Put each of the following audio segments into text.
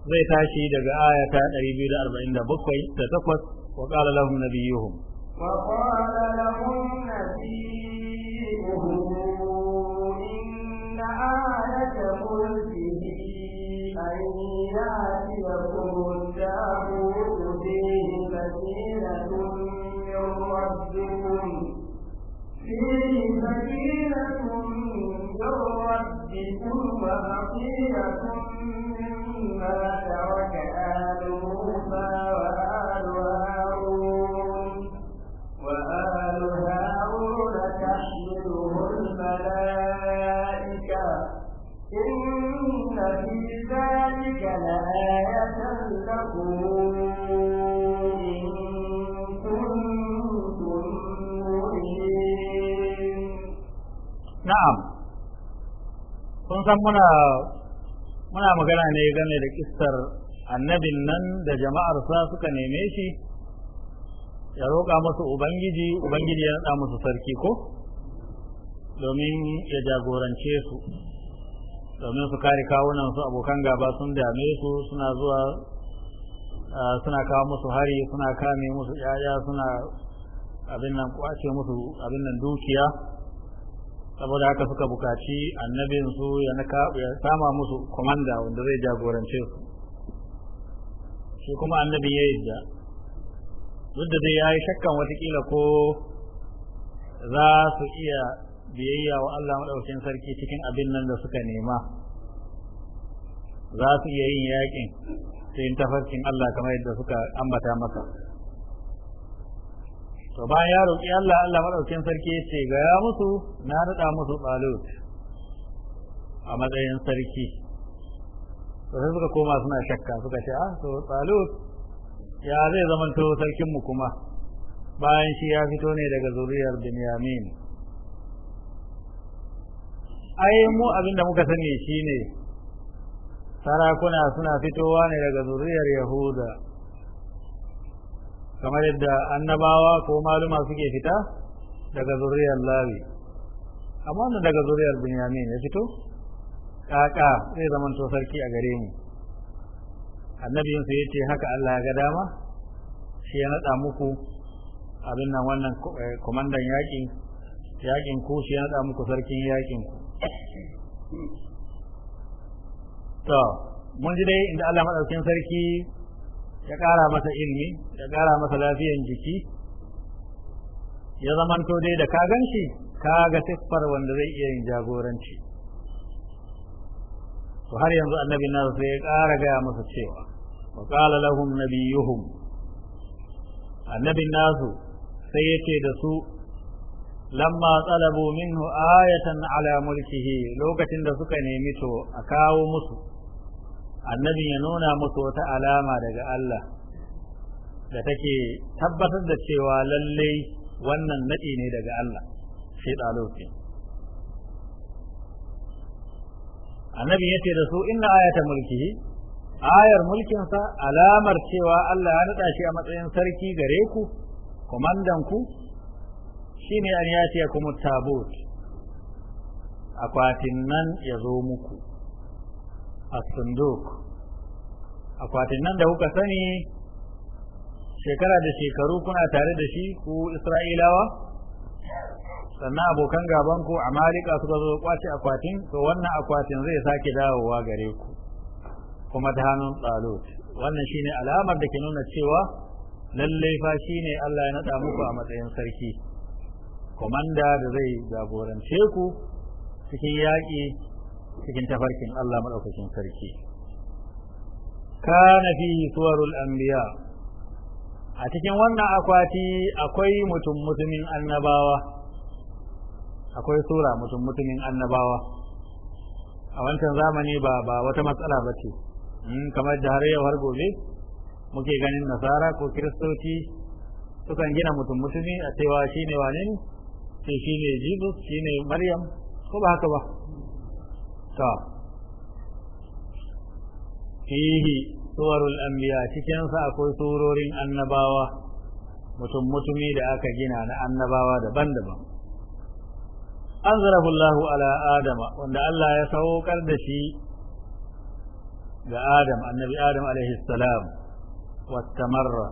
zai tashi daga aya 247 da takwas wa qala lahum nabiyuhum wa qala lahum nabiyuhum inna ayata mulkihi an yati lakum tabutu fihi Na'am, sun san muna muna magana ne game da kistar annabin nan da jama'ar sa suka neme shi ya roƙa masu ubangiji ubangiji ya naɗa musu sarki ko domin ya jagorance su domin su kare kawunan su abokan gaba sun dame su suna zuwa suna kawo musu hari suna kame musu yaya suna abin nan kwace musu abin nan dukiya saboda haka suka bukaci annabin su ya sama musu komanda wanda zai jagorance su shi kuma annabi ya yi da duk da dai ya yi shakkan watakila ko za su iya biyayya wa Allah maɗaukin sarki cikin abin nan da suka nema za su iya yin yaƙin, sai tafarkin Allah kamar yadda suka ambata maka to bayan ya roƙi Allah Allah madaukin sarki ya ce gaya musu na rada musu Talut a matsayin sarki to sai suka koma suna shakka suka ce ah to Talut ya zai zamanto sarkin mu kuma bayan shi ya fito ne daga zuriyar Binyamin ai mu abinda muka sani shine sarakuna suna fitowa ne daga zuriyar Yahuda kamar yadda annabawa ko maluma suke fita daga zuriyar lawi amma wannan daga zuriyar binyamin ya fito kaka zai zamanto sarki a gare mu annabinsu ya ce haka allah ya ga dama shi ya naɗa muku abin nan wannan eh, kwamandan yakin yakin ku shi ya naɗa muku sarkin yakin ku to mun ji dai inda allah maɗaukin sarki ya ƙara masa ilmi ya ƙara masa lafiyan jiki ya zamanto dai da ka gan shi ka ga siffar wanda zai iya yin jagoranci to har yanzu annabi na sai ya ƙara gaya masa cewa wa qala lahum nabiyuhum annabin nasu sai yace da su lamma talabu minhu ayatan ala mulkihi lokacin da suka nemi to a kawo musu annabi ya nuna musu wata alama daga Allah da take tabbatar da cewa lalle wannan naɗi ne daga Allah shi dalofi annabi ya ce da su inna ayata mulki ayar mulkinsa alamar cewa Allah ya naɗa shi a matsayin sarki gare ku komandan ku shine an yace kuma tabut akwatin nan ya zo muku A sunduk akwatin nan da kuka sani shekara da shekaru kuna tare da shi ku isra'ilawa sannan abokan gaban ku amalika suka zo kwace akwatin to wannan akwatin zai sake dawowa gare ku kuma ta hannun tsalut wannan shine alamar da ke nuna cewa lallai fa shine Allah ya nada muku a matsayin sarki komanda da zai jagorance ku cikin yaƙi cikin tafarkin Allah madaukakin sarki kana fi suwarul anbiya a cikin wannan akwati akwai mutum mutumin annabawa akwai sura mutum mutumin annabawa a wancan zamani ba ba wata matsala ba ce hmm, kamar da har yau har gobe muke ganin nasara ko kiristoci sukan gina mutum mutumi a cewa shine wane ne shi shine jesus shine maryam ko ba haka ba to fihi suwarul anbiya akwai surorin annabawa mutum mutumi da aka gina na annabawa daban-daban An Allah ala adama wanda Allah ya saukar da shi ga Adam annabi Adam alaihi wata marra.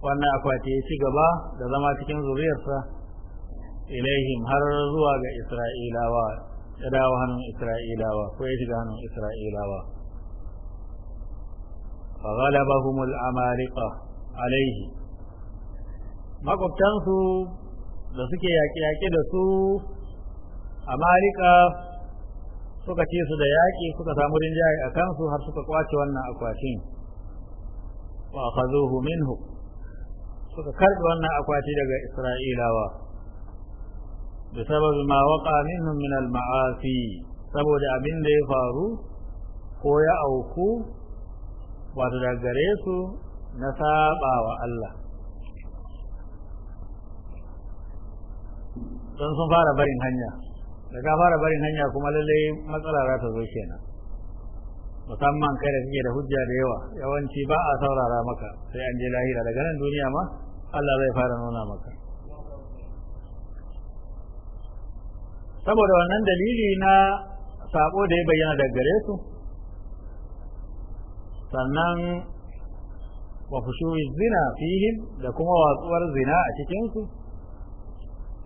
wannan akwati ya ci gaba da zama cikin zuriyarsa ilaihim har zuwa ga Isra'ilawa ya dawo hannun isra'ilawa ko ya shiga hannun isra'ilawa fa ghalabahum al-amaliqa alaihi makwabtansu da suke yaƙe-yaƙe da su amarika suka ce su da yaƙi suka samu rinjaye a kansu har suka kwace wannan akwatin wa akhadhuhu minhu suka karɓi wannan akwati daga isra'ilawa بسبب ما وقع منهم من ma'asi saboda abin da ya faru ko ya auku wato da su na saba wa Allah don sun fara barin hanya da fara barin hanya kuma lallai matsala za ta zo kenan musamman kai da kake da hujja da yawa yawanci ba a saurara maka sai an je lahira daga nan duniya ma Allah zai fara nuna maka saboda wannan dalili na sabo da ya bayyana daga gare su sannan wa fushuyi zina fihim da kuma watsuwar zina a cikin su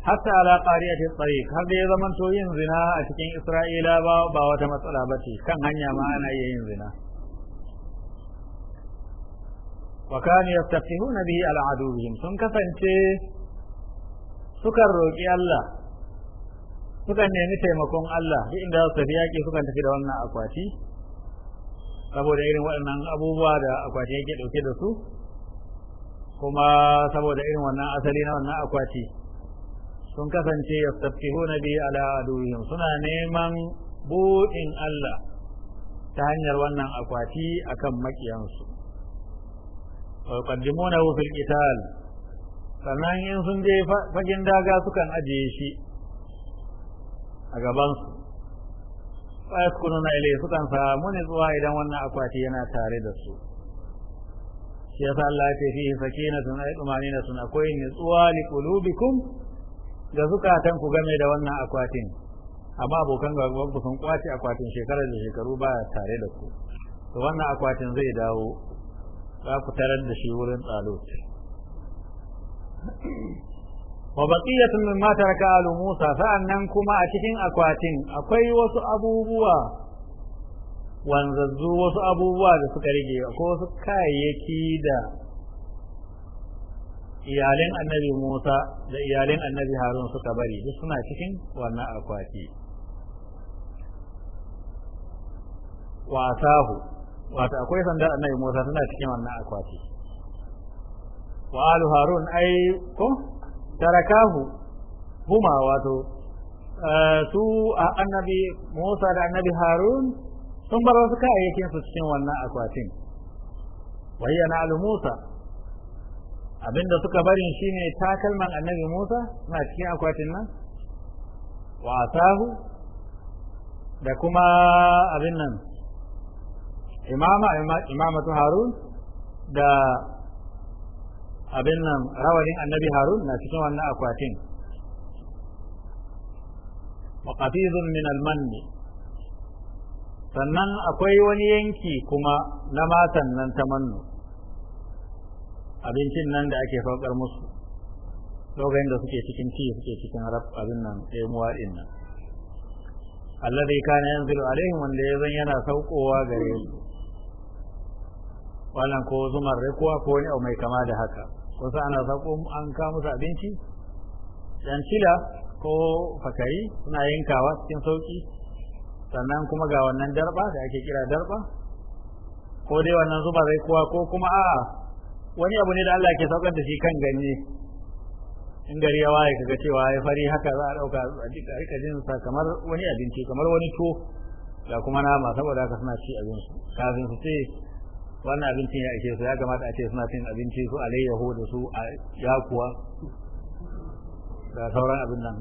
hatta ala qariyati tariq har da ya zaman to yin zina a cikin Isra'ila ba ba wata matsala bace kan hanya ma ana yin zina wa kan yastafihuna bihi ala aduwwihim sun kasance sukan roki Allah sukan nemi taimakon Allah duk inda za su tafi yaƙi sukan tafi da wannan akwati saboda irin waɗannan abubuwa da akwati yake ɗauke da su kuma saboda irin wannan asali na wannan akwati sun kasance ya hona bi ala aduwwihim suna neman buɗin Allah ta hanyar wannan akwati akan makiyansu wa yuqaddimunahu fil qital sannan in sun je fagen daga sukan ajiye shi a gabansu na yaskununa su kan samu ne zuwa idan wannan akwati yana tare da su shi yasa Allah ya ce fi sakinatun ay tumaninatun akwai nutsuwa li qulubikum ga zukatan ku game da wannan akwatin amma abokan gaban ku sun kwace akwatin shekarar da shekaru ba tare da ku to wannan akwatin zai dawo za ku tarar da shi wurin tsalo wa baqiyatun mimma taraka alu Musa sa'annan kuma a cikin akwatin akwai wasu abubuwa wanzazzu wasu abubuwa da suka rige ko wasu kayayyaki da iyalin annabi Musa da iyalin annabi Harun suka bari duk suna cikin wannan akwati wasahu wato akwai sandar annabi Musa suna cikin wannan akwati wa alu Harun ai ko tarakahu huma wato eh, su a annabi Musa da annabi Harun sun bar wasu kayayyakin su cikin wannan akwatin bayyana na alu Musa abinda suka barin shine takalman annabi Musa na cikin akwatin nan wa asahu da kuma abin nan imama imamatu Harun da abin nan rawanin annabi harun na cikin wannan akwatin waqafizun min almanni sannan akwai wani yanki kuma na matan nan ta manno abincin nan da ake faukar musu lokacin da suke cikin ci suke cikin rab abin nan ɗaya din nan alladhi kana yanzilu alaihim wanda yazan yana saukowa gare su wannan ko zumar rekuwa ko wani mai kama da haka Ko kusa ana sako an kawo musu abinci dan cila ko fakari suna yankawa cikin sauki sannan kuma ga wannan darba da ake kira darba ko dai wannan zuba zai kowa ko kuma a wani abu ne da Allah ke saukar da shi kan ganye in gari ya waye kaga cewa ya fari haka za a dauka a rika jin sa kamar wani abinci kamar wani tuwo, da kuma nama saboda haka suna ci abinci kafin su ce wannan abincin ya ake su ya kamata a ce suna cin abinci su alayyahu da su a yakuwa da sauran abin nan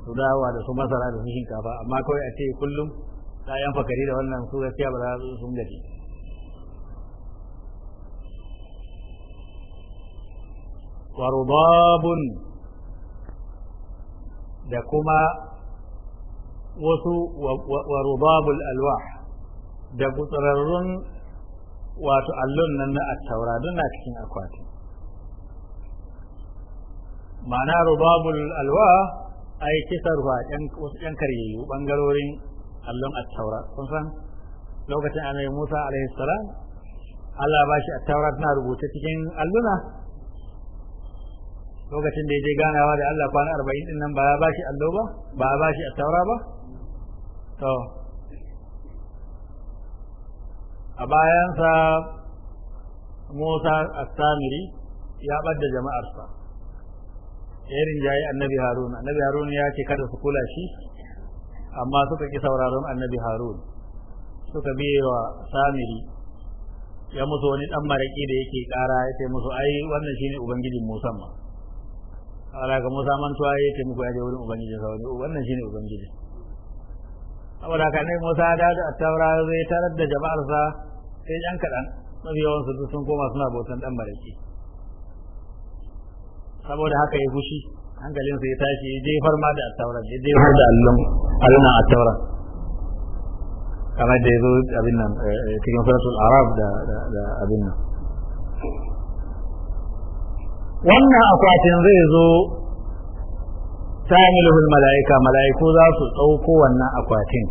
su dawa da su masara da su shinkafa amma kawai a ce kullum ɗayan fakari da wannan su gaskiya ba za su sun gaji warubabun da kuma wasu warubabul alwah da gutsararrun wato allon nan na attaura don na cikin akwati ma'ana rubabul alwa ai kisar wa wasu yan karyayyu bangarorin allon attaura kun san lokacin annabi Musa alaihi salam Allah ba shi attaura tana rubuta cikin alluna lokacin da ya je ganawa da Allah kwana arba'in din nan ba ya ba shi allo ba ba ya ba shi attaura ba to a bayansa Musa As-Samiri ya ɓadda jama'arsa irin yayi annabi Harun annabi Harun ya ce kada su kula shi amma suka ki sauraron annabi Harun suka biye Samiri ya musu wani dan maraki da yake kara ya ce musu ai wannan shine ubangijin Musa ma Allah ga Musa mantuwa ya ce muku ya je wurin ubangijin sa wannan shine ubangijin saboda ka ne Musa da da taura zai tarar da jama'ar sa sai yan kaɗan mabiyawan su sun koma suna bautan dan maraki saboda haka ya fushi hankalin sa ya tashi ya jefar ma da taura ya jefar da allon allon taura kamar da yazo abin nan eh, eh, cikin suratul arab da abin nan wannan akwatin zai zo تحمله mala’iku za su tsauko wannan akwatin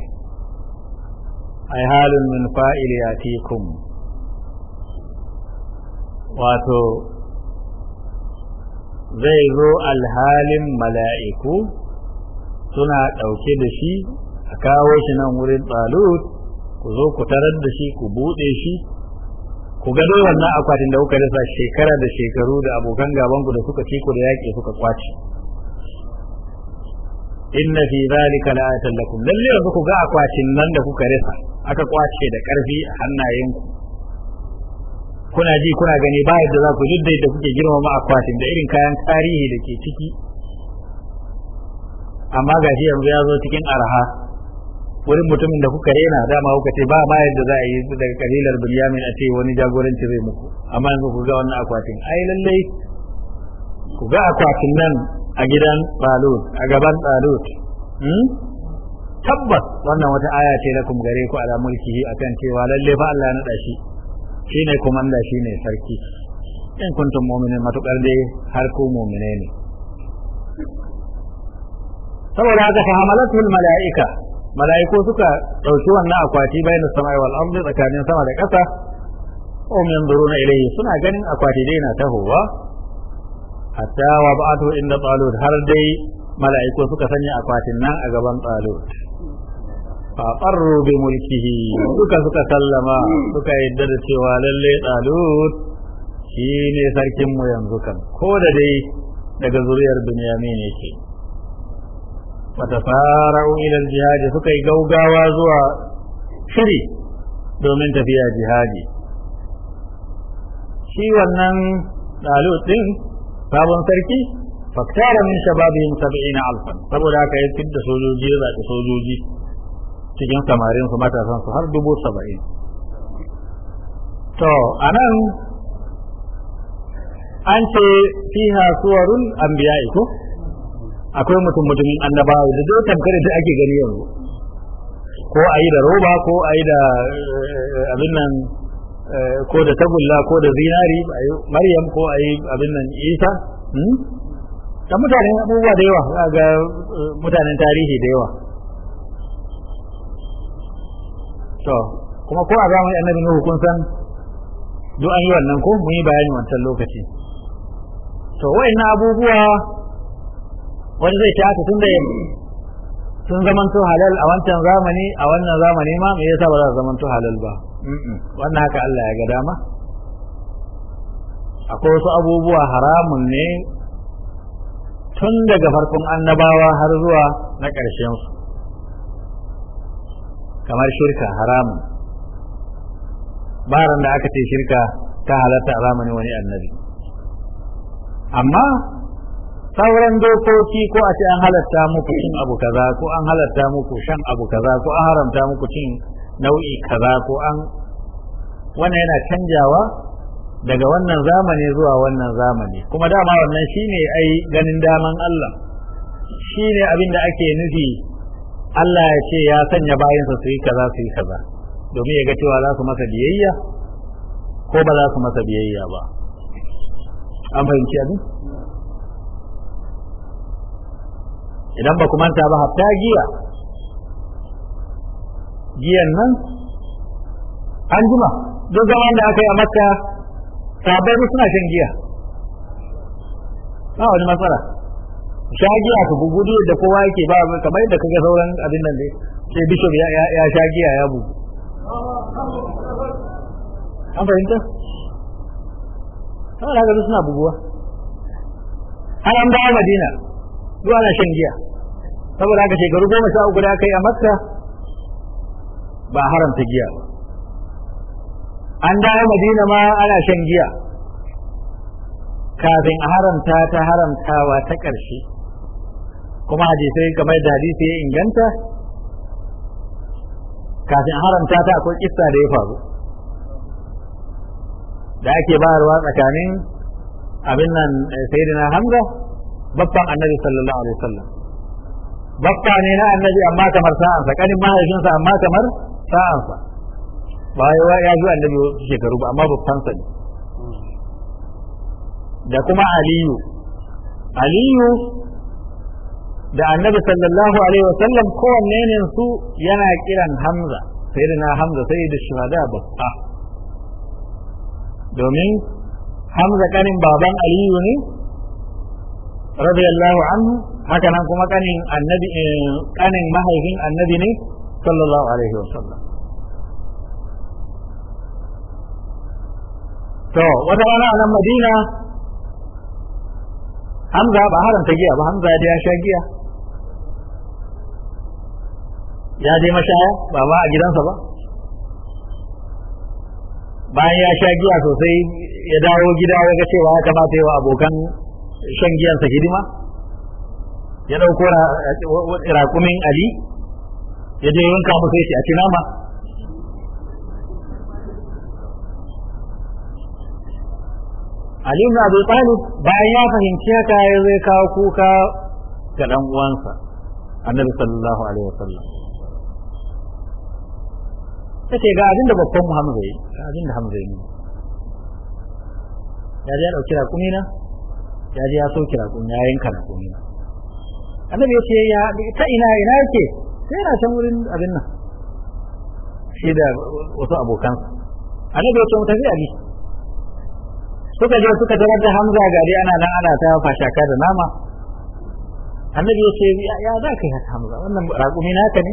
أي حال min ya يأتيكم wato zai zo alhalin mala'iku suna ɗauke da shi a kawo shi nan wurin ɗalut ku zo ku tarar da shi ku buɗe shi ku gado wannan akwatin da kuka rasa shekara da shekaru da abokan gabanku da suka ci ku da yaƙi suka kwace. inna fi zalika la'atan lakum lalle yanzu ku ga akwatin nan da kuka rasa aka kwace da karfi a hannayenku kuna ji kuna gani ba yadda za ku jidda da kuke girmama akwatin da irin kayan tarihi da ke ciki amma ga shi yanzu ya zo cikin arha wurin mutumin da kuka rena dama kuka ce ba ma yadda za a yi daga kabilar bilyamin a ce wani jagoranci zai muku amma yanzu ku ga wannan akwatin ai lallai ku ga akwatin nan a gidan Talut a gaban Talut hmm? tabbas wannan wata aya ce na kuma gare ku ala a akan cewa lalle fa Allah na dashi shine komanda shine sarki in kuntum mu'minin matukar dai har ku mu'mine ne saboda haka fa hamalatu malaika malaiku suka dauki wannan akwati bayan samai wal ardi tsakanin sama da kasa o min duruna ilayhi suna ganin akwati dai na tahowa hatta wa ba'atu inda talut har dai mala'iku suka sanya akwatin nan a gaban talut fa qarru bi mulkihi duka suka sallama suka yadda da cewa lalle talut shine sarkin mu yanzu kan ko da dai daga zuriyar binyamin yake fatafara'u ila al-jihad suka yi gaugawa zuwa shiri domin tafiya jihadi shi wannan dalut din sabon sarki faktara min shababihim sab'ina alfan saboda haka ya tinda sojoji ya zaɓi sojoji cikin samarin su matasan su har dubu saba'in to anan an ce fiha suwarun anbiya'i ko akwai mutum mutumin annabawa da dai tamkar da ake gani yanzu ko ayi da roba ko ayi da eh, eh, abin nan Eh, ko da tagulla ko da zinari a maryam ko a yi abin nan isa hmm? da mutane abubuwa da yawa ga eh, mutanen tarihi da yawa to kuma ko a zamanin annabi nuhu kun san duk an yi wannan ko mun yi bayani wancan lokaci to wayannan abubuwa wani zai ta tun da sun zamanto halal a wancan zamani a wannan zamani ma me yasa ba za su zamanto halal ba wannan haka Allah ya ga dama akwai wasu abubuwa haramun ne tun daga farkon annabawa har zuwa na su. kamar shirka haramun baran da aka ce shirka ta halatta a wani annabi amma sauran dokoki ko a ce an halatta muku cin abu kaza ko an halatta muku shan abu kaza ko an haramta muku cin nau'i kaza ko an wannan yana canjawa daga wannan zamani zuwa wannan zamani kuma dama wannan shine ai ganin daman Allah shine abin da ake nufi Allah ya ce ya sanya bayansa su yi kaza su yi kaza domin ya ga cewa za su masa biyayya ko ba za su masa biyayya ba an fahimci abin idan ba ku manta ba hatta giya Jiyan nan an jima duk zaman da aka yi a makka sabai suna shan giya ba wani matsala sha giya ka bugu duk da kowa yake ba kamar yadda kaga sauran abin nan da sai bishop ya ya sha giya ya bugu an fahimta kamar haka suna buguwa har an a madina zuwa na shan giya saboda haka shekaru goma sha uku da aka yi a makka ba haramta giya ba an dawo madina ma ana shan giya kafin a haramta ta haramtawa ta ƙarshe kuma hadisai kamar da hadisi ya inganta kafin a haramta ta akwai kissa da ya faru da ake bayarwa tsakanin abin nan eh, sayyidina hamza babban annabi sallallahu alaihi wasallam babba ne na annabi amma kamar sa'ansa kanin mahaifinsa amma kamar sa'ansa ba ya ji annabi shekaru ba amma babbansa ne da kuma aliyu aliyu da annabi sallallahu alaihi wasallam kowanne ne su yana kiran hamza sai na hamza sai da shuhada babba domin hamza kanin baban aliyu ne radiyallahu anhu haka nan kuma kanin annabi eh, kanin mahaifin annabi ne sallallahu alaihi wasallam to wata rana a nan madina hamza ba haramta giya ba hamza da ya sha giya ya dai mashaya ba ma a gidansa ba bayan ya sha giya sosai ya dawo gida ya ga cewa ya kamata yawa abokan shan giyansa hidima ya ɗauko raƙumin ali ya je yanka musu yake a ci nama Ali ibn Abi Talib bayan ya fahimci haka ya zai kawo kuka ga dan uwansa Annabi sallallahu alaihi wasallam take ga abin da babban Muhammad ga abin da Hamza yi ya ji ya dauki rakumi na ya ji ya soki rakumi ya yanka rakumi na Annabi ya ce ya ta ina ina yake sai yana can wurin abin nan shi da wasu abokan annabi ya ce mu tafi ali suka je suka tarar da hamza gari ana nan ana ta fashaka da nama annabi ya ce ya za ka yi haka hamza wannan raƙumi naka ne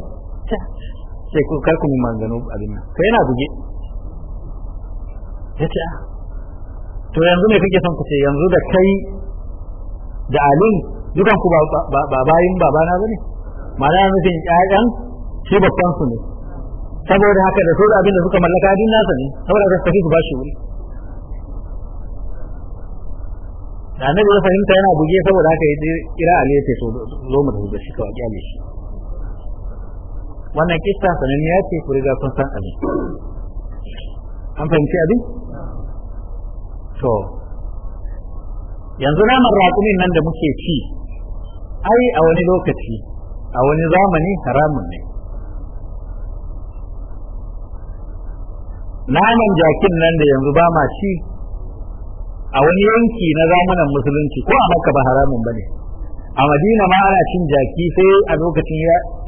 sai ku kar ku mu manzano abin nan kai yana buge ya ce ah, to yanzu me kake son ku ce yanzu da kai da alin dukan ku ba bayin babana bane mana nufin ƴaƴan shi babban su ne saboda haka da su da abin da suka mallaka din nasa ne saboda za su tafi su ba shi wuri da annabi ya fahimta yana buge saboda haka ya kira Ali ya ce so zo mu da shi kawai kyale shi wannan kista sanin ya ce ku riga kun san abin an fahimci abin to yanzu naman raƙumin nan da muke ci ai a wani lokaci a wani zamani haramun ne naman jakin nan da yanzu ba ma shi a wani yanki na zamanin musulunci ko a maka ba haramun ba ne a madina ma ana cin jaki sai a lokacin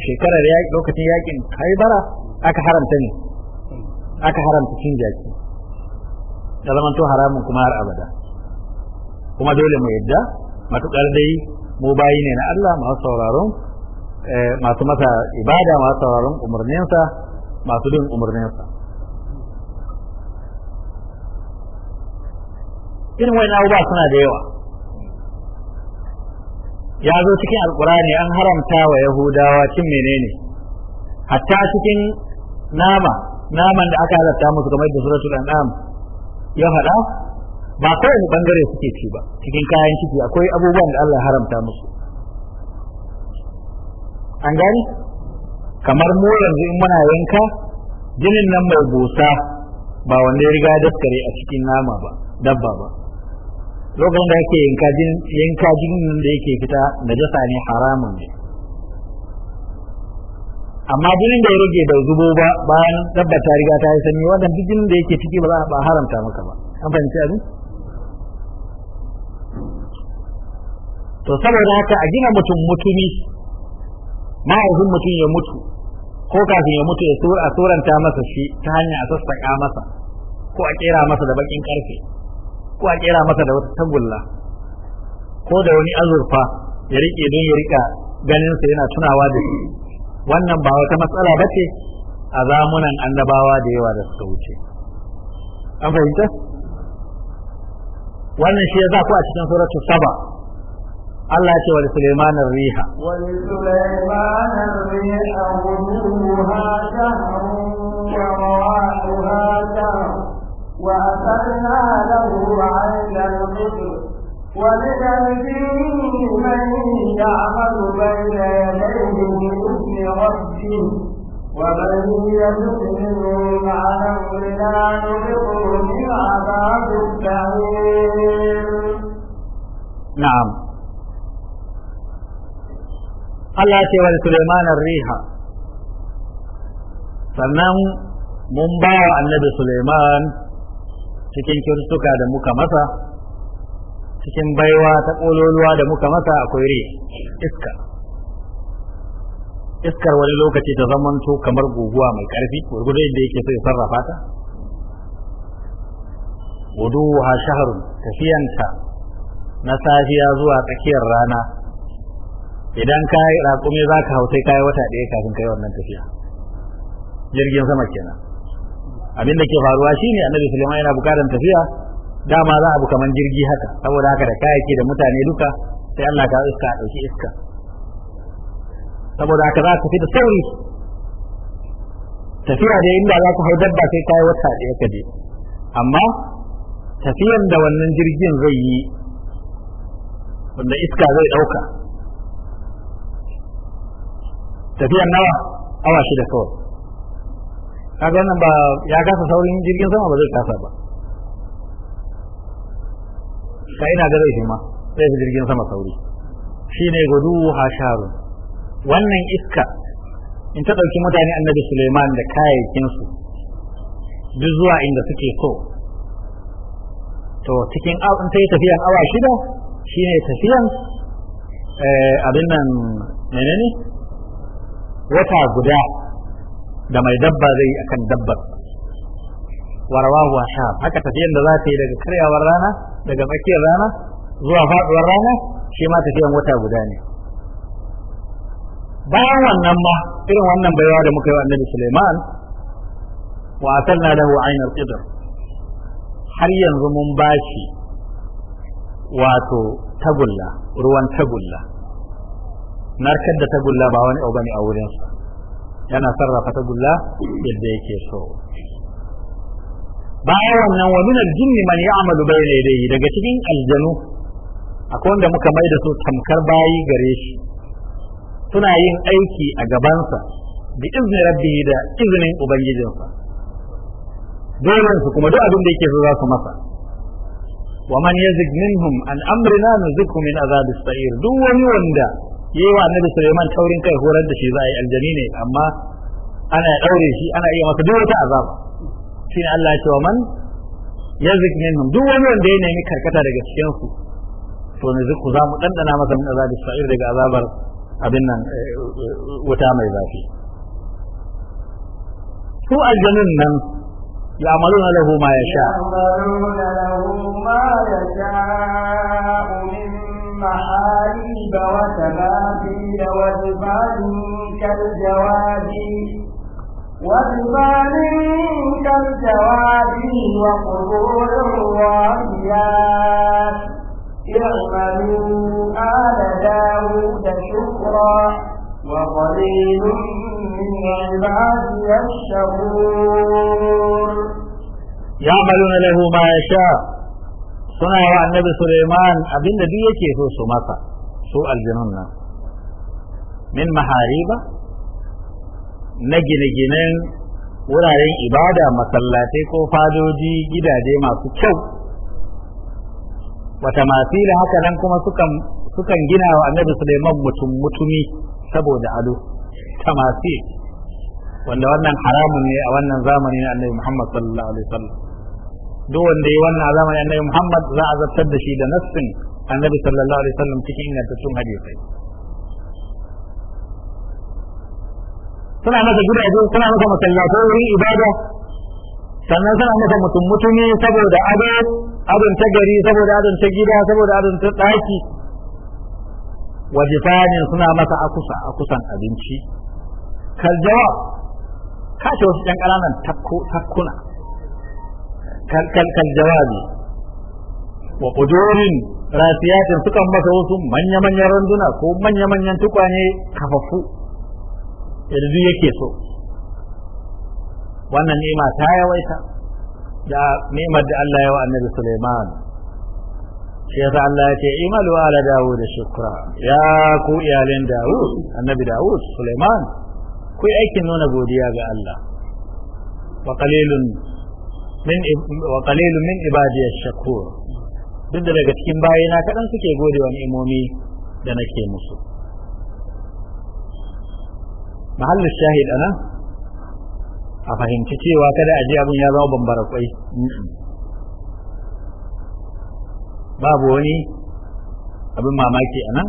shekarar lokacin yakin haibara aka haramta ne aka haramta cin jaki Da zamanto haramun kuma har abada kuma dole mu yadda matukar dai mu bayi ne na Allah masu sauraron Eh, masu masa ibada masu sauraron umarninsa masu bin umarninsa irin wani abubuwa suna da yawa ya zo cikin alkurani an haramta wa yahudawa cin menene hatta cikin nama naman da aka halatta musu kamar da suratul an'am ya haɗa? ba kowane ɓangare suke ci ba cikin kayan ciki akwai abubuwan da Allah haramta musu an gani kamar mu yanzu in muna yanka jinin nan mai busa ba wanda ya riga daskare a cikin nama ba dabba ba lokacin da yake yanka jinin yanka jinin da yake fita jasa ne haramun ne amma jinin da ya rage da zubo ba bayan dabba ta riga ta yi sanyi wannan duk jinin da yake ciki ba za a ba haramta maka ba an fahimci abin to saboda haka a gina mutum mutumi mahaifin mutum ya mutu ko kafin ya mutu ya tura a turanta masa shi ta hanya a sassaƙa masa ko a kera masa da bakin ƙarfe ko a kera masa da wata tagulla ko da wani azurfa ya riƙe don ya riƙa ganinsa yana tunawa da shi wannan ba wata matsala ba ce a zamunan annabawa da yawa da suka wuce an fahimta wannan shi ya za ku a cikin suratul saba Allah ce wa Sulaiman riha wa Sulaiman riha wuduha shahrun wa rawaha wa lahu al-qitr Allah ce wa Sulaiman riha sannan mun ba wa annabi Sulaiman cikin kirtuka da muka masa cikin baiwa ta kololuwa da muka masa akwai ri iska iskar wani lokaci ta zamanto kamar guguwa mai karfi gurgudu da yake so ya sarrafa ta ha shahrun tafiyanta na safiya zuwa tsakiyar rana idan ka yi raƙumi za ka hau sai ka yi wata ɗaya kafin ka yi wannan tafiya jirgin sama kenan abin da ke faruwa shine annabi Sulaiman yana bukatar tafiya dama za a bu kamar jirgi haka saboda haka da kayayyaki da mutane duka sai Allah ka iska a ɗauki iska saboda haka za ka fi da sauri tafiya da inda za ku hau dabba sai yi wata ɗaya ka je amma tafiyan da wannan jirgin zai yi wanda iska zai ɗauka tafiyan nawa awa shida kawai kaga nan ba ya kasa saurin jirgin sama ba zai kasa ba ka ina da laifi ma sai fi jirgin sama sauri Shi ne gudu sharu. wannan iska in ta ɗauki mutane annabi Suleiman da kayayyakinsu duk zuwa inda suke so to cikin in ta yi tafiyan awa shida shi ne tafiyan eh, abin nan menene wata guda da mai dabba zai yi akan dabbar warawahu sha haka tafiyan da za ta yi daga karyawar rana daga tsakiyar rana zuwa faduwar rana shi ma tafiyan wata guda ne bayan wannan ma irin wannan baiwa da muka yi wa annabi Sulaiman wa atanna lahu ainul qidr har yanzu mun bashi wato tagulla ruwan tagulla narkar da tagulla ba wani abu a wurinsa yana sarrafa tagulla yadda yake so bayan wannan wa min al-jinni man ya'malu bayna yadayhi daga cikin aljanu akwai wanda muka mai da su tamkar bayi gare shi suna yin aiki a gabansa bi izni rabbihi da iznin ubangijinsa dole su kuma duk abin da yake so za su masa wa man yazig minhum an amrina nuzikhu min azabis sa'ir duk wani wanda yi wa annabi Sulaiman taurin kai horar da shi za a yi aljani ne amma ana daure shi ana iya masa duk wata azaba shi ne Allah ya ce wa man yazik minhum duk wani wanda ya nemi karkata daga cikin su to ne zuku za mu dandana masa min azabi sa'ir daga azabar abin nan eh, eh, wuta mai zafi su aljanun nan يعملون له ما يشاء يعملون له ما يشاء من محاريب وتماثيل وجبال كالجواب وجبال كالجواب وقبور راسيات اعملوا آل داود شكرا وقليل من عبادي الشكور يعملون له ما يشاء suna yawa annabi Suleiman abinda duk yake so su masa su aljinun nan min mahariba na gine-ginen wuraren ibada masallatai ko fadoji gidaje masu kyau wata masila haka nan kuma sukan gina wa annabi Suleiman mutum mutumi saboda ado tamasi wanda wannan haramun ne a wannan zamani na annabi Muhammad sallallahu alaihi wasallam duk wanda ya wannan zamani annabi Muhammad za a zartar da shi da nassin annabi sallallahu alaihi wasallam cikin ingantaccen hadisai suna masa gidaje suna masa masallatai wurin ibada sannan suna masa mutum mutumi saboda ado adon ta gari saboda adon ta gida saboda adon ta daki wajifanin suna masa akusa akusan abinci kaljawa kashe wasu ɗan ƙananan takkuna jawabi wa kudurin rasiyatin suka masa wasu manya-manyan randuna ko manya-manyan tukwane kafafu yanzu yake so wannan nema ta yawaita da nemar da Allah ya wa annabi Sulaiman shi yasa Allah ya ce imalu ala Dawud shukra ya ku iyalin Dawud annabi Dawud Sulaiman ku aikin nuna godiya ga Allah wa qalilun min wa qalilun min ibadiy ash-shakur duk da daga cikin bayina kadan suke gode wa imomi da nake musu mahallu shahid ana a fahimci cewa kada a ji abin ya zama bambara kwai babu wani abin mamaki a nan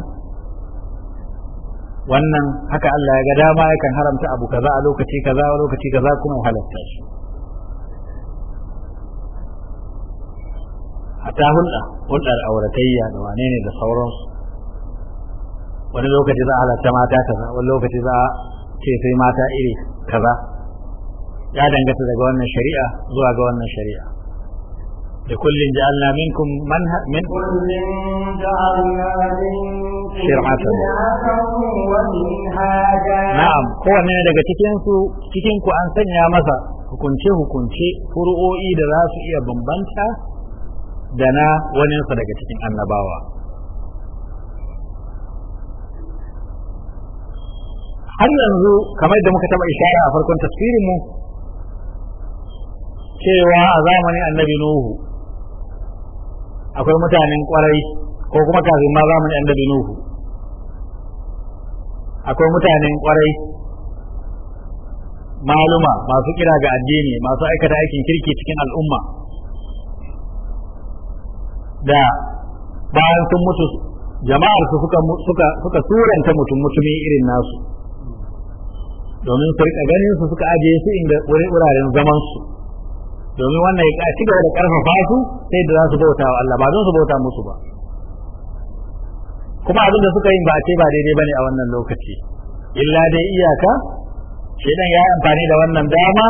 wannan haka Allah ya ga dama yakan haramta abu kaza a lokaci kaza a lokaci kaza kuma halatta shi a ta hulɗa hulɗar auratayya da wane ne da sauransu wani lokaci za a halatta mata kaza wani lokaci za a ce sai mata iri kaza ya danganta daga wannan shari'a zuwa ga wannan shari'a لكل جعلنا منكم من من كل جعلنا منكم شرعة ومنهاجا نعم هو من daga cikin su cikin ku an sanya masa hukunce hukunce furu'o'i da za su iya bambanta da na waninsa daga cikin annabawa har yanzu kamar da muka taɓa ishara a farkon mu cewa a zamanin annabi nuhu akwai mutanen kwarai ko kuma kafin ma zamanin annabi nuhu akwai mutanen kwarai maluma masu kira ga addini masu aikata aikin kirki cikin al'umma da bayan sun mutu jama'ar su suka suka suka suranta mutum mutumi irin nasu domin su rika ganin su suka ajiye su inda wuraren zaman su domin wannan ya ci gaba da karfafa su sai da za su bauta wa Allah ba don su bauta musu ba kuma abin da suka yi ba ce ba daidai bane a wannan lokaci illa dai iyaka shedan ya amfani da wannan dama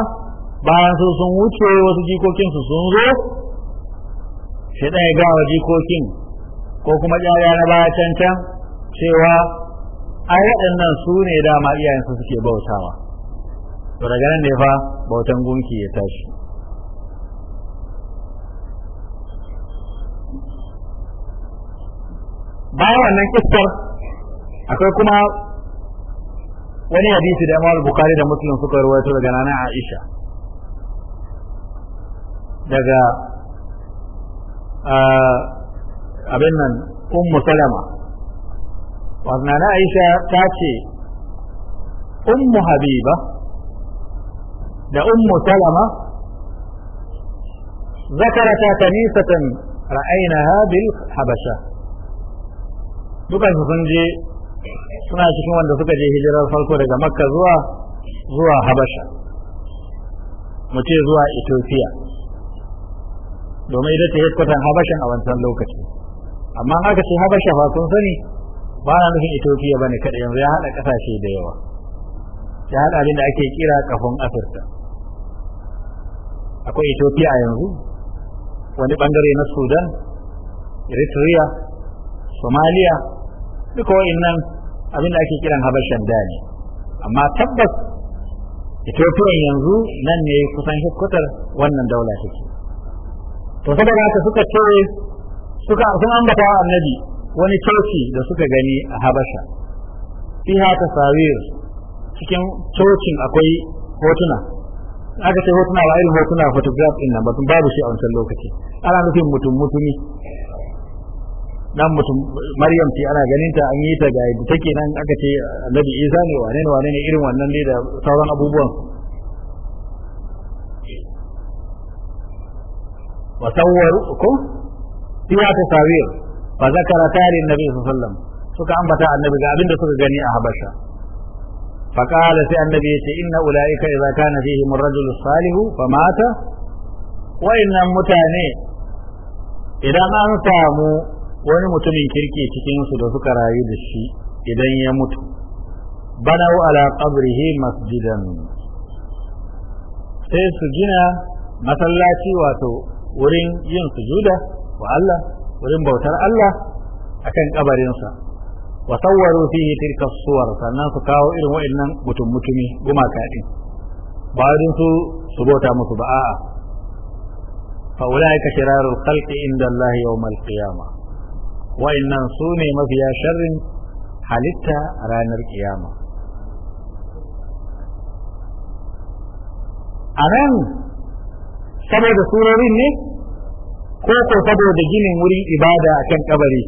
bayan su sun wuce wasu jikokin su sun zo shi ya ga wa jikokin ko kuma ɗaya na baya can can cewa ai waɗannan su ne dama iyayensu suke bautawa to daga nan ne fa bautan gunki ya tashi bayan wannan kistar akwai kuma wani hadisi da Imam Bukhari da Muslim suka rawaito daga nana Aisha daga abin nan ummu salama wanda na aisha ta ce ummu habiba da ummu salama zakarata kanisatan ra'ainaha bil habasha dukan su sun je suna cikin wanda suka je hijirar farko daga makka zuwa zuwa habasha mu ce zuwa ethiopia domin ita ce hedkwatan habashan a wancan lokaci amma aka ce habasha ba kun sani ba na nufin ethiopia ba ne kaɗai yanzu ya haɗa ƙasashe da yawa ya haɗa abin da ake kira kafin afirka akwai a yanzu wani ɓangare na sudan eritrea somalia duka wa'innan abin da ake kiran habashan da ne amma tabbas ethiopia yanzu nan ne kusan hikkutar wannan daula take to saboda haka suka ce suka sun ambata annabi wani coci da suka gani a habasha fiha sawir cikin cocin akwai hotuna aka ce hotuna ba irin hotuna photograph din nan ba babu shi a wancan lokaci ana nufin mutum mutumi dan mutum maryam ce ana ganin ta an yi ta ga take nan aka ce annabi isa ne wane ne wane ne irin wannan ne da sauran abubuwan وصوركم فيها تصاوير فذكر تالي النبي صلى الله عليه وسلم suka ambata annabi ga abin da suka gani a habasha faqala sai annabi yace inna ulaika idza kana fihim ar-rajulu salihu mata wa inna mutane idan an samu wani mutumin kirki cikin su da suka rayu da shi idan ya mutu banau ala qabrihi masjidan sai su gina masallaci wato wurin yin sujuda wa Allah wurin bautar Allah akan kabarinsa wa sawwaru fihi tilka suwar sannan su kawo irin wa'annan mutum mutumi gumaka din ba din su su bauta musu ba'a. a'a fa ulaika shirarul khalqi inda Allah yawmal qiyamah wa'annan su ne mafiya sharrin halitta a ranar kiyama a nan saboda surorin ne ko ko saboda ginin wurin ibada a kan kabari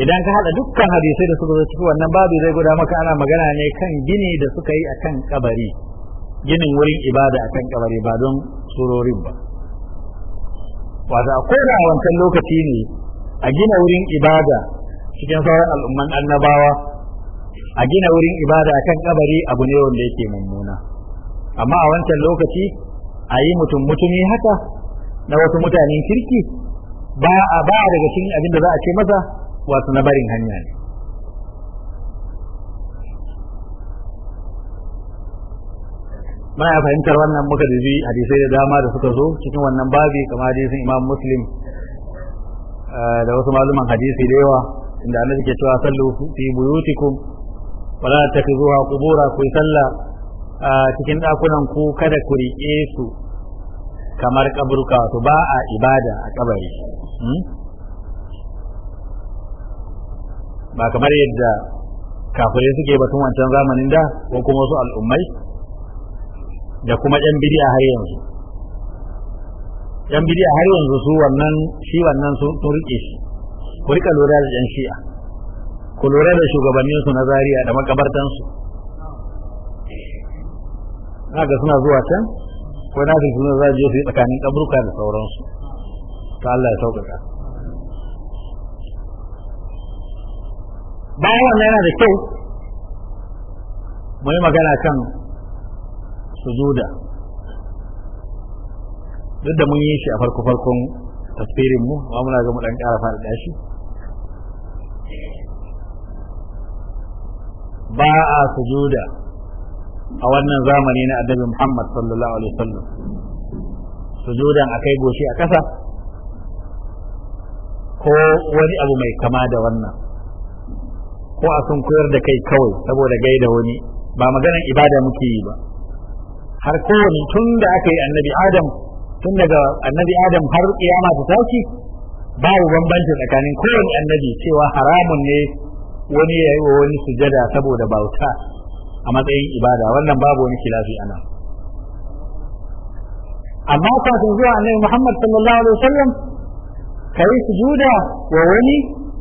idan ka hada dukkan hadisai da suka zo cikin wannan babu zai guda maka ana magana ne kan gini da suka yi akan kabari ginin wurin ibada a kan kabari ba don surorin ba wato akwai na wancan lokaci ne a gina wurin ibada cikin sauran al'umman annabawa a gina wurin ibada akan kabari abu ne wanda yake mummuna amma a wancan lokaci a yi mutum mutumi haka na wasu mutanen kirki ba a ba daga cikin abin da za a ce masa wasu na barin hanya ne muna fahimtar wannan muka dubi hadisai da dama da suka zo cikin wannan babi kamar hadisin imam muslim eh, da wasu maluman hadisi da yawa inda annabi ke cewa sallu fi buyutikum wala takzuha qubura ku salla cikin ɗakunan ku kada ku riƙe su kamar kaburka to ba a ibada a kabari hmm? ba kamar yadda kafirai suke batun wancan zamanin da ko kuma wasu al'ummai da kuma yan bidiya har yanzu yan bidiya har yanzu su wannan shi wannan sun rike shi ku lura da yan shi'a ku lura da shugabanninsu na zaria da makabartansu ga suna zuwa can ko na ga suna za je su yi tsakanin kaburka da sauransu ta Allah ya sauƙaƙa bayan wannan yana da kyau mu yi magana kan sujuda duk da mun yi shi a farko farkon tasirin mu amma muna ga mu dan ƙara faɗaɗa shi ba a sujuda a wannan zamani na annabi Muhammad sallallahu alaihi wasallam sujudan akai goshi a kasa ko wani abu mai kama da wannan ko a sun koyar da kai kawai saboda gaida wani ba maganar ibada muke yi ba har kowane tun da aka yi annabi adam tun daga annabi adam har kiyama ta tashi babu bambanci tsakanin kowane annabi cewa haramun ne wani ya yi wa wani sujada saboda bauta a matsayin ibada wannan babu wani kilafi ana nan amma kafin zuwa annabi Muhammad sallallahu alaihi wasallam kai sujuda wa wani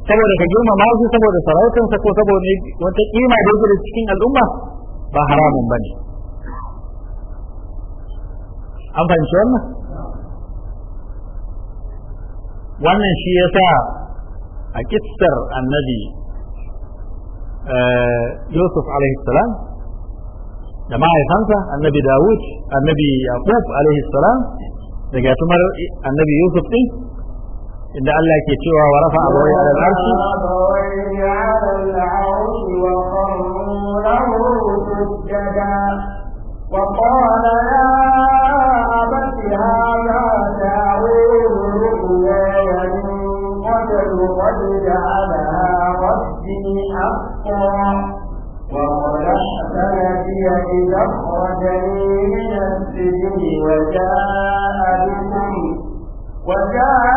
saboda ka ma su saboda sarautun sarautarsa ko saboda wata kima da yake cikin al'umma ba haramun bane an fahimci wannan wannan shi yasa a kissar annabi Yusuf alaihi salam da mahaifansa annabi dawud annabi yaqub alaihi salam daga tumar annabi yusuf din inda Allah ke cewa wa rafa abawai ala al-arshi وقال يا أبت هذا تأويل رؤياي wa قبل قد qad ربي حقا السنة إذ أخرجني من السجن وجاء بكم وجاء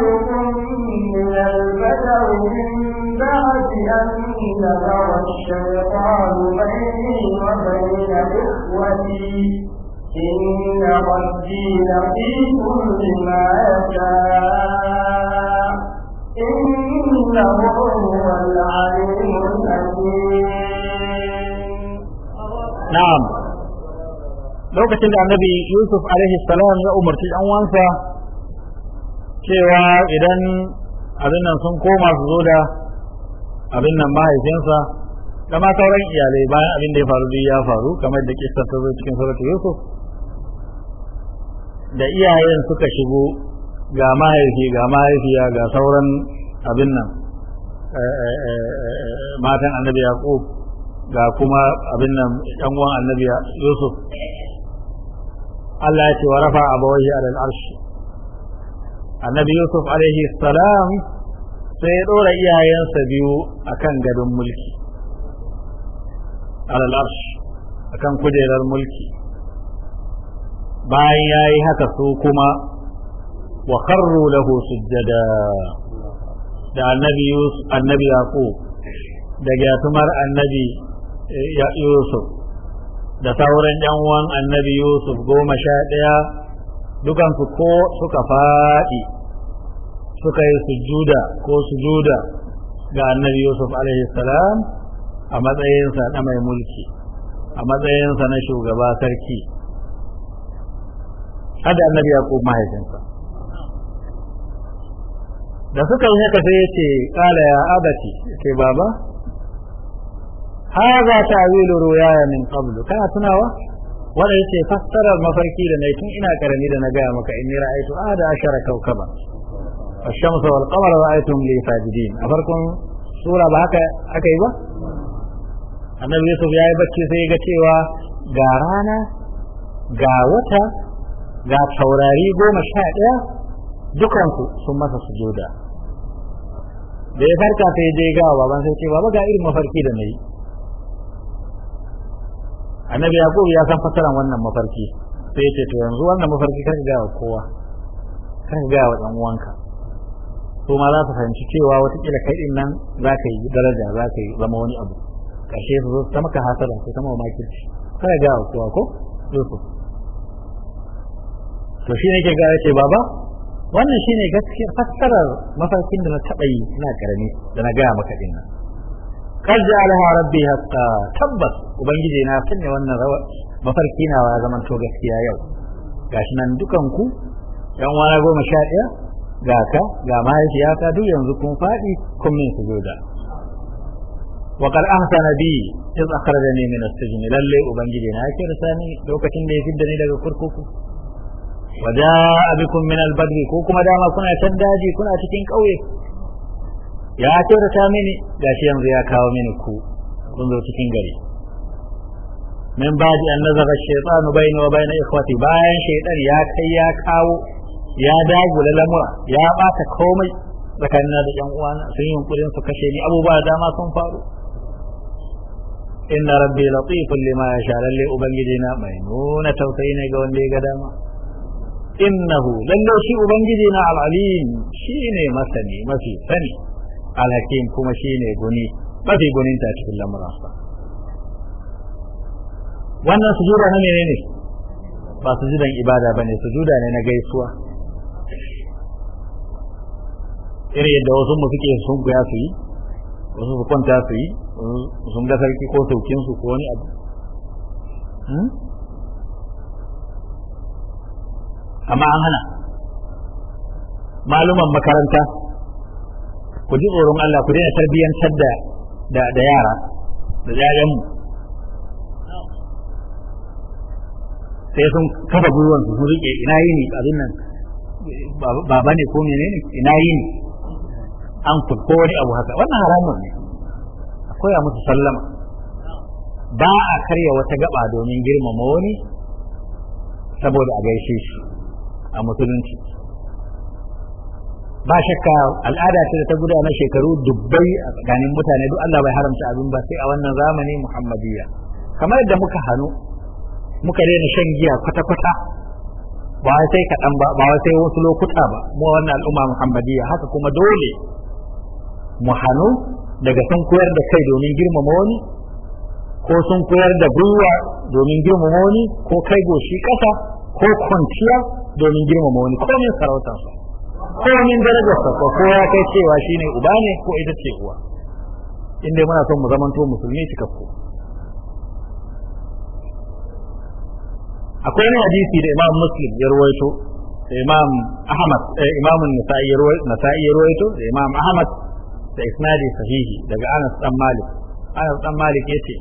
بكم من البدو من بعد أن نذر الشيطان بيني وبين إخوتي إن ربي لطيف لما يشاء إنه هو العليم الحكيم na'am lokacin da annabi yusuf alaihi salam ya umarci yan wansa cewa idan abin nan sun koma su zo da abin nan mahaifinsa da ma sauran iyalai bayan abin da ya faru ya faru kamar da kissa ta zo cikin suratul yusuf da iyayen suka shigo ga mahaifi ga mahaifiya ga sauran abin nan eh, eh, eh, matan annabi yaqub ga kuma abin nan yan uwan annabi Yusuf Allah ya ce wa rafa abawaihi alal arsh annabi Yusuf alaihi salam sai ya dora iyayensa biyu akan gadon mulki alal arsh akan kujerar mulki bayan yayi haka su kuma wa kharru lahu sujjada da annabi Yusuf annabi Yaqub da gatumar annabi yusuf da sauran yan uwan annabi yusuf goma sha ɗaya dukansu ko suka faɗi suka yi sujuda ko sujuda ga annabi yusuf alaihi salam a matsayinsa na mai mulki a matsayinsa na shugaba sarki hada annabi kuma mahaifinsa da suka yi haka sai yace kala ya abati baba haza ta'wilu ruwaya min qablu kana tunawa wanda yake fassarar mafarki da nai tun ina karami da na gaya maka inni ra'aytu ada ashara kawkaba ash-shamsa wal qamara ra'aytuhum li sajidin a farkon sura ba haka aka yi ba annabi ya yi bacci sai ga cewa ga rana ga wata ga taurari goma sha ɗaya dukansu sun masa sujuda da ya farka sai je ga baban sai ce baba ga irin mafarki da nayi annabi yaqub ya san fasaran wannan mafarki sai ya ce to yanzu wannan mafarki kan ga kowa kan ga wa dan uwanka to ma za ta fahimci cewa wata kila kai din nan za ka yi daraja za ka yi zama wani abu kashe su zo ta maka hasara sai ta mamaki kirki kar ga wa kowa ko Yusuf to shi ne ke gaya ce baba wannan shi ne gaskiya fassarar mafarkin da na taɓa yi ina karami da na gaya maka din nan qad ja'alaha rabbi haqqa tabbas ubangiji na sanya wannan rawa mafarki na ya zaman gaskiya yau gashi nan dukan ku yan wani goma sha ɗaya ga ka ga mahaifiyata duk yanzu kun faɗi kun min sujuda wa qad ahsana bi iz akhrajani min as-sijn lalle ubangiji na yake sani lokacin da ya fidda ni daga kurkuku wa ja'a bikum min al-badri ko kuma dama kuna can daji kuna cikin ƙauye ya kyautata mini gashi yanzu ya kawo mini ku kun zo cikin gari min ba ji an nazaga shaytanu bayna wa bayna ikhwati bayan shaytan ya kai ya kawo ya dagula lamura ya bata komai tsakanin da yan uwana sun yi yunkurin su kashe ni abubuwa da dama sun faru inna rabbi latifun lima yasha lalle ubangiji na mai nuna tausayi ne ga wanda ya ga dama innahu lalle shi ubangiji na al'alim shine masani mafi sani alhakim kuma shine guni mafi guninta ta cikin lamuransa wannan sujuda na ne, ba sujudan ibada bane sujuda ne na gaisuwa irin yadda wasu mu suke sun guya su yi wasu su kwanta su yi sun ga sarki ko saukin su ko wani abu hmm? amma an hana maluman makaranta ku ji tsoron Allah ku daina tarbiyyantar da da da yara da sai sun kafa gwiwan su rike ina yini abin nan baba ne ko menene ina yini an ko wani abu haka wannan haramun ne a koya musu sallama ba a karya wata gaba domin girmama wani saboda a gaishe shi a musulunci ba shakka al'ada ce da ta gudana shekaru dubbai a tsakanin mutane duk Allah bai haramta abin ba sai a wannan zamani muhammadiyya kamar yadda muka hannu muka daina shan giya kwata-kwata ba sai kaɗan ba ba sai wasu lokuta ba mu wannan al'umma muhammadiyya haka kuma dole mu hannu daga sun koyar da kai domin girmama wani ko sun koyar da gwiwa domin girmama wani ko kai goshi ƙasa ko kwanciya domin girmama wani ko min sarautarsa komin darajarsa ko kowa kai cewa shine uba ne ko ita ce uwa inda muna son mu zamanto musulmi cikakku akwai wani hadisi da imam muslim ya da imam ahmad eh, imam nasa'i ya da imam ahmad da isnadi sahihi daga anas dan malik anas dan malik yace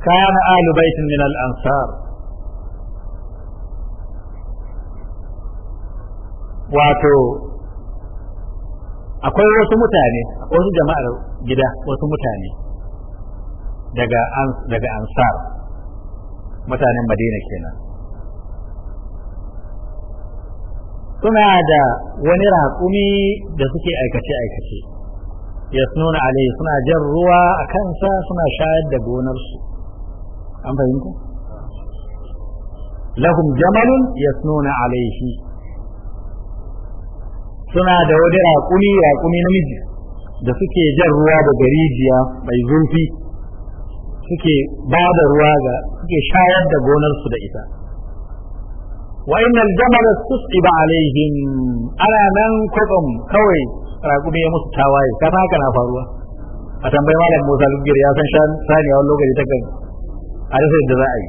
kana na baitin min al ansar wato akwai wasu mutane wasu jama'ar gida wasu mutane daga daga ansar mutanen madina kenan suna da wani raƙumi da suke aikace-aikace ya nuna alai suna jan ruwa a kansa suna shayar da gonarsu an fahimta lahum jamalun yasnuna alaihi suna da wani raƙumi raƙumi namiji da suke jan ruwa daga rijiya mai zurfi suke ba da ruwa ga suke shayar da gonarsu da ita wa innal jamala tusiba alaihim ana nan kudum kawai raƙumi ya musu tawaye kana haka na faruwa a tambayi malam Musa Lugir ya san saniya wani lokaci ta kan a da za a yi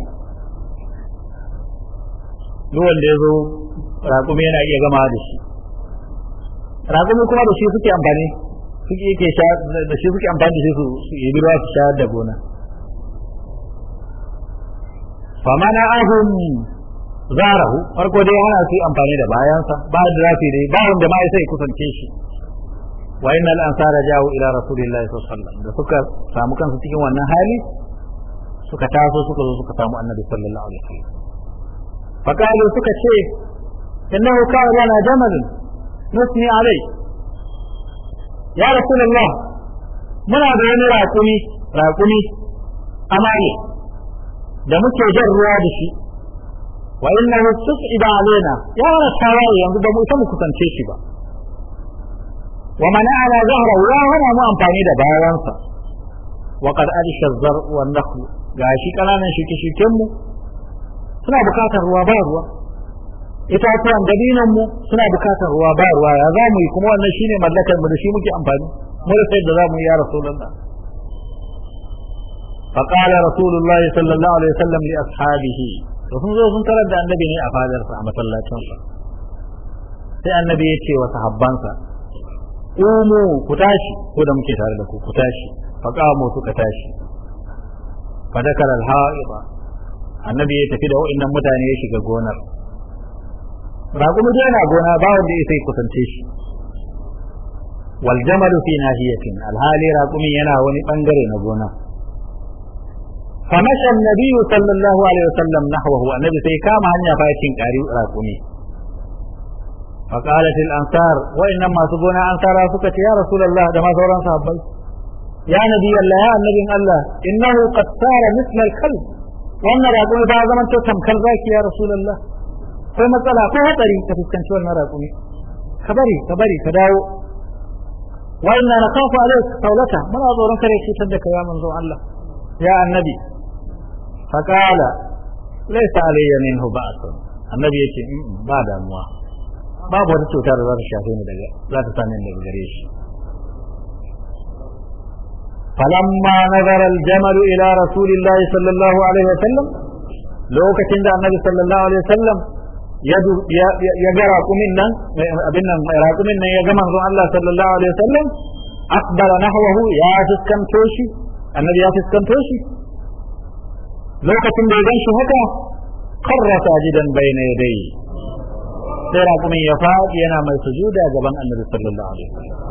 duk wanda ya zo raƙumi yana iya gama da shi razumi kuma da shi suke amfani suke yake sha da shi suke amfani da shi su yi ruwa su sha da gona famana ahum zarahu farko dai ana su amfani da bayansa ba da zafi dai ba wanda ma sai kusance shi wa al ansara ja'u ila rasulillahi sallallahu alaihi wasallam da suka samu kansu cikin wannan hali suka taso suka zo suka samu annabi sallallahu alaihi wasallam faqalu suka ce innahu kana lana jamalun nusni alai ya rasulullah muna da wani raƙumi raƙumi amare da muke jan ruwa da shi wa innahu tus'ida alaina ya rasawa yanzu da mu ta mu kusance shi ba wa mana'ana zahra wa hana mu amfani da bayansa wa qad arsha az-zar'u gashi kananan shike-shiken mu suna bukatar ruwa ba ruwa itatuwan dabinan mu suna bukatar ruwa ba ruwa ya za mu yi kuma wannan shine mallakar mu da shi muke amfani mu da da za mu yi ya rasulullah فقال رسول الله صلى الله عليه وسلم لأصحابه zo sun tarar da annabi ne a fadarsa a masallacinsa sai annabi ya ce wa sahabbansa umu ku tashi ko da muke tare da ku ku tashi fa qamu suka tashi fa dakal al annabi ya tafi da wa'annan mutane ya shiga gonar raƙumi dai yana gona ba wanda ya sai kusance shi wal jamalu fi nahiyatin alhali raƙumi yana wani bangare na gona فمشى النبي صلى الله عليه وسلم نحوه النبي سي كام هنيا فاكين قاري راقومي فقالت الانصار وانما سبونا انصار فكت يا رسول الله ده ما سوران صحابي يا نبي الله يا النبي الله انه قد صار مثل الكلب وانا راقومي بعد زمن تم كلبك يا رسول الله akwai matsala ko hatsari ka fuskanci wannan raƙumi ka bari ka bari ka dawo wa inna nakhafu alayka qawlata muna tsoron kare shi da kai ya manzo Allah ya annabi fa qala laysa alayya minhu ba'sun annabi yace ba damuwa babu wata cuta da za ta shafe ni daga za ta same ni daga gare shi فلما نظر الجمل إلى رسول الله صلى الله عليه وسلم لو كتند النبي صلى الله عليه وسلم ya ga raƙumin nan abin nan raƙumin nan ya ga manzon Allah sallallahu alaihi wasallam akbara nahwahu ya fuskanto shi annabi ya fuskanto shi lokacin da ya ganshi haka karra sajidan bayna yadayhi sai raƙumin ya faɗi yana mai sujuda gaban annabi sallallahu alaihi wasallam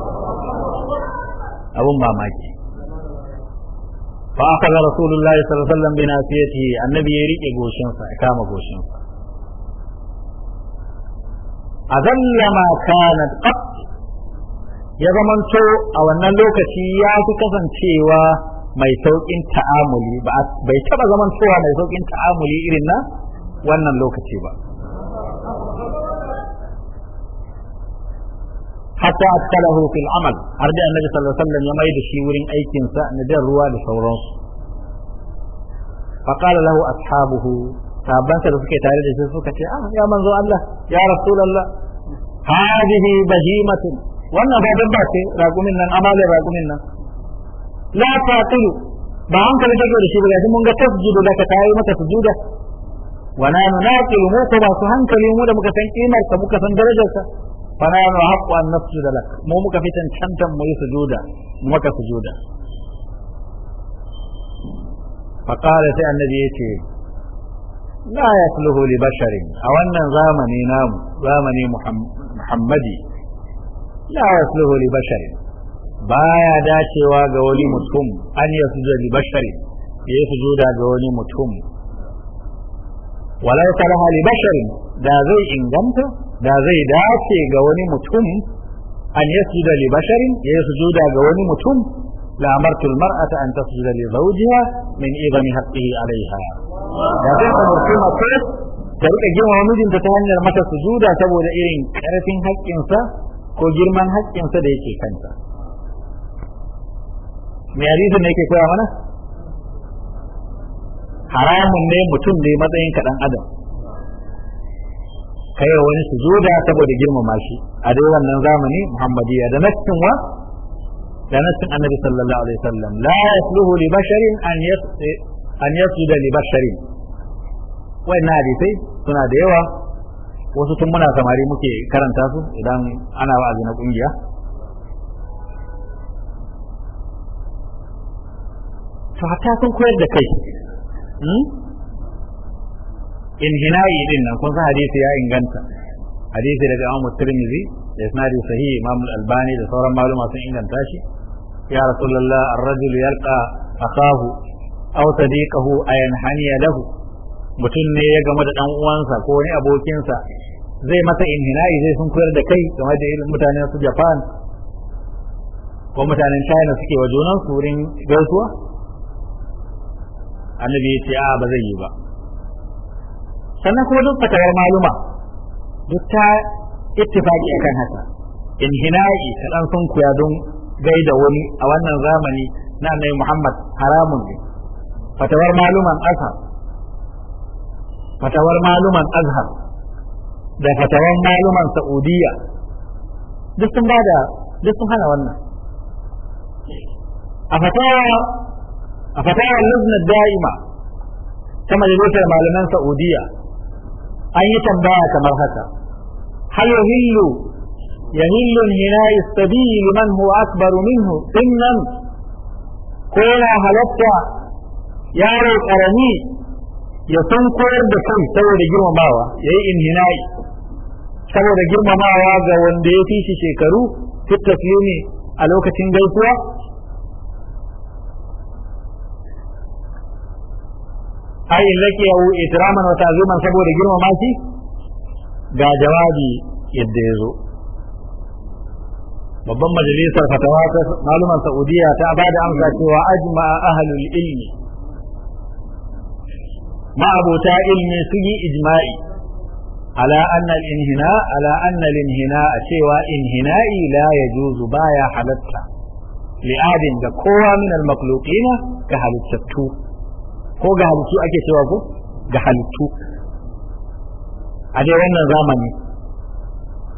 abun mamaki fa aka ga rasulullahi sallallahu alaihi wasallam bi nasiyati annabi ya rike goshinsa ya kama goshinsa azalla ma kanat qat ya zamanto a wannan lokaci ya fi kasancewa mai saukin ta'amuli bai taba zamantowa mai saukin ta'amuli irin na wannan lokaci ba hatta adkhalahu fil amal har da annabi sallallahu alaihi wasallam ya mai da shi wurin aikinsa na jan ruwa da sauransu faqala lahu ashabuhu sahabbansa da suke tare da shi suka ce ah ya manzo Allah ya rasulullah hadihi bahimatun wannan ba dabba ce ragumin nan amalin ragumin nan la taqulu ba hankali take da shi ba yanzu mun ga tasjudu da ka tayi mata sujuda wa na nunaqilu mu ko ba su hankali mu da muka san kimar ka muka san darajar ka fa na nu haqqu an nasjuda lak mu muka fitan cantan mu yi sujuda mu maka sujuda fa qala sai annabi yace la ya li basharin a wannan zamani namu zamani muhammadi la yasluhu li basharin ya dacewa ga wani mutum an su li basharin ya yi sujuda ga wani mutum walau salaha li basharin da zai inganta da zai dace ga wani mutum an yasjuda li basharin ya yi sujuda ga wani mutum la amartu al mar'ata an tasjuda li zawjiha min idami haqqihi alayha da zai umarci mace ta rika girma mijinta ta hanyar mata sujuda saboda irin karfin haƙƙinsa ko girman haƙƙinsa da yake kanta me hadisin ne yake koya mana haramun ne mutum ne matsayin kaɗan adam kai wani sujuda saboda girmama shi a dai wannan zamani muhammadiyya da nassin wa da nassin annabi sallallahu alaihi wasallam la yasluhu li basharin an yasfi an yasjuda li basharin wayannan hadisai suna da yawa wasu tun muna samari muke karanta su idan ana wa'azi na kungiya to hatta sun koyar da kai hmm? in hinayi din nan kun san hadisi ya inganta hadisi daga Imam Tirmidhi da isnadi sahihi Imam Al-Albani da sauran maluma sun inganta shi ya Rasulullah ar rajul yalqa akahu aw sadiqahu ayan haniya lahu mutum ne ya game da dan uwansa ko wani abokinsa zai masa inhina'i zai sun kuyar da kai game da irin mutanen su Japan ko mutanen China suke wa junan su wurin gaisuwa annabi ya ce a ba zai yi ba sannan kuma duk fatawar maluma duk ta ittifaqi akan haka inhina'i kadan sun kuya don gaida wani a wannan zamani na annabi Muhammad haramun ne fatawar maluman azhar fatawar maluman azhar da fatawar maluman saudiya duk sun bada duk sun hana wannan a fatawa a fatawa lubna da'ima ta majalisar malaman saudiya an yi tambaya kamar haka hal yuhillu يهل انهناء السبي لمن هو أكبر منه سنا كون هلتا yaro karami ya san koyar da kai saboda girmamawa ya yi inhinai saboda girmamawa ga wanda ya fi shi shekaru fitafiye ne a lokacin gaisuwa ai in yau itiraman wata ta'ziman saboda girmama shi ga jawabi yadda ya zo babban majalisar fatawa ta maluman saudiya ta bada amsa cewa ajma'a ahlul ilmi ma'abota ilmi su yi ijma'i ala anna al-inhina ala anna al-inhina a cewa inhina'i la yajuzu baya halatta li'adin da kowa ga ko ga halittu ake cewa ko ga halittu a dai wannan zamani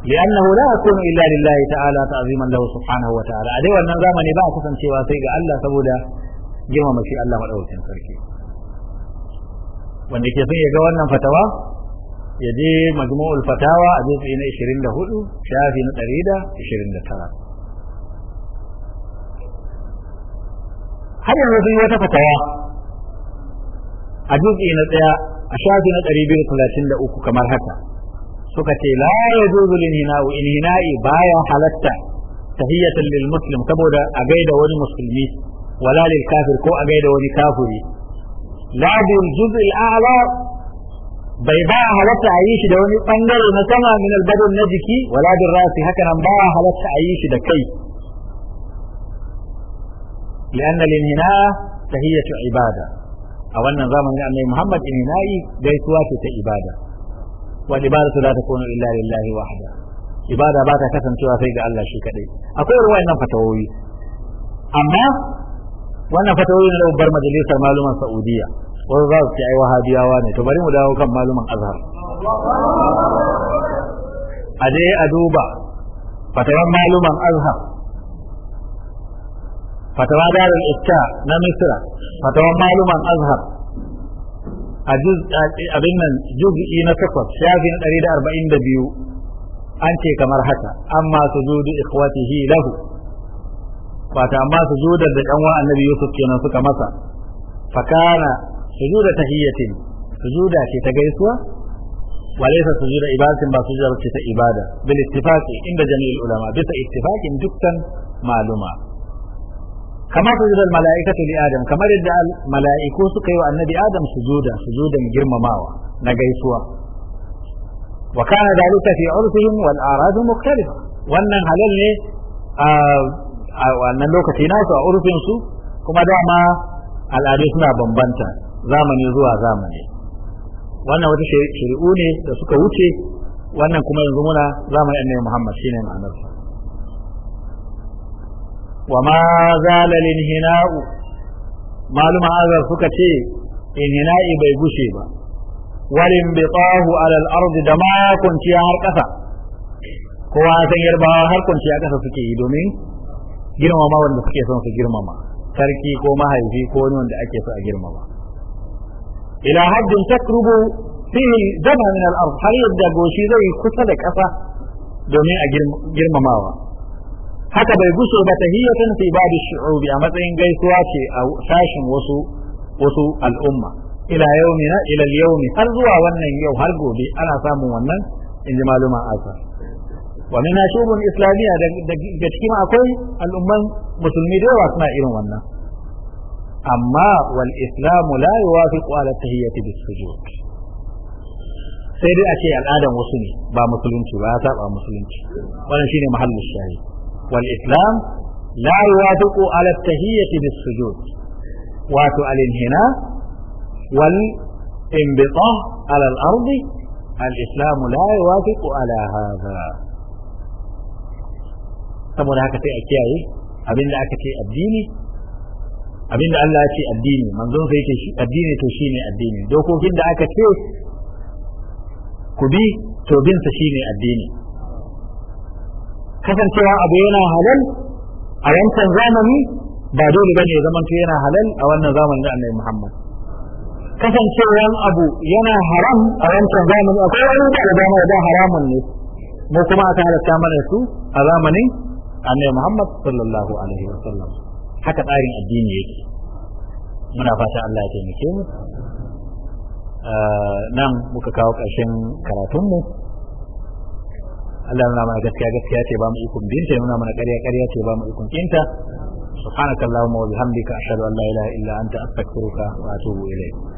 لأنه لا يكون إلا لله wa ta'ala, a سبحانه wannan zamani ba a kasancewa sai ga Allah saboda سبودا جمع Allah الله والأول تنفركي wanda ke son ya ga wannan fatawa ya je majmu'ul fatawa a juz'i na 24 shafi na 129 har yanzu sun wata fatawa a juz'i na daya a shafi na 233 kamar haka suka ce la ya yajuzu lil hina'u in hina'i baya halatta tahiyatan lil muslim saboda a gaida wani musulmi wala lil kafir ko a gaida wani kafiri babu juz'u al-a'la bai ba halatta a yi shi da wani bangare na sama min albadal na jiki wala bin rasi haka nan ba halatta a yi shi da kai لأن الانهناء تهية عبادة أو أن نظام أن محمد انهنائي ليس واكة عبادة والعبادة لا تكون إلا لله وحده عبادة باتا كثم سوى فيك ألا شيء كذي أقول رواية فتوي أما wannan fatawoyi na babbar majalisar maluman Saudiyya, wasu za su ce ai wahabiyawa ne to bari mu dawo kan maluman azhar a je a duba fatawar maluman azhar fatawa darul iska na misra fatawar maluman azhar a abin nan juz'i na takwas shafin 142 an ce kamar haka amma su sujudu ikhwatihi lahu fata amma su sujudar da ɗan wa annabi Yusuf kenan suka masa fakana sujuda tahiyyatin sujuda ce ta gaisuwa wale-sale su walaysa sujuda ibadatin ba su sujuda ce ta ibada bil ittifaqi inda jami'ul ulama bisa ittifaqin dukkan maluma kama su sujudar mala'ikatu li adam kamar yadda mala'iku suka yi wa annabi adam su su sujuda sujudan girmamawa na gaisuwa wa kana dalika fi urfihim wal arad mukhtalifa wannan halal ne a. Ah, a wannan lokaci su a urfin su kuma dama al'adu suna bambanta zamani zuwa zamani wannan wata shari'u ne da suka wuce wannan kuma yanzu muna zamanin annabi Muhammad shine ma'anar wa ma zala lin hina'u maluma azar suka ce in hina'i bai gushe ba walin tahu ala al ard da ma kunciya har kasa kowa san yarbawa har kunciya kasa suke yi domin girmama wanda suke son su girmama sarki ko mahaifi ko wani wanda ake so a girmama ila haddin takrubu fihi da min al-ard har yadda goshi zai kusa da kasa domin a girmamawa haka bai guso ba ta tahiyatan fi babu shu'ubi a matsayin gaisuwa ce a sashin wasu wasu al'umma ila yaumi ila yaumi har zuwa wannan yau har gobe ana samun wannan in ji maluma asar wa min shubun islamiyya daga cikin akwai al'umman musulmi da yawa suna irin wannan amma wal islamu la yuwafiqu ala tahiyyati bis sujud sai dai a al'adan wasu ne ba musulunci ba ya saba musulunci wannan shine mahallin shayi wal islam la yuwafiqu ala tahiyyati wato al inhina wal inbita ala al saboda haka sai a kiyaye abinda aka ce addini abinda Allah ya ce addini manzon sai ce addini to shine addini dokokin da aka ce ku bi to bin sa shine addini kasancewa abu yana halal a yankan zamani ba dole bane ya zamanto yana halal a wannan zamanin da Annabi Muhammad kasancewan abu yana haram a wancan zamani akwai wani da dama da haramun ne mu kuma aka halatta mana su a zamanin annabi Muhammad sallallahu alaihi wasallam haka tsarin addini yake muna fata Allah ya taimake mu eh, nan muka kawo ƙarshen karatunmu Allah nuna mana gaskiya gaskiya ce ba mu ikon binta nuna mana ƙarya ƙarya ce ba mu ikon kinta subhanakallahumma wa bihamdika ashhadu an la ilaha illa anta astaghfiruka wa atubu ilayk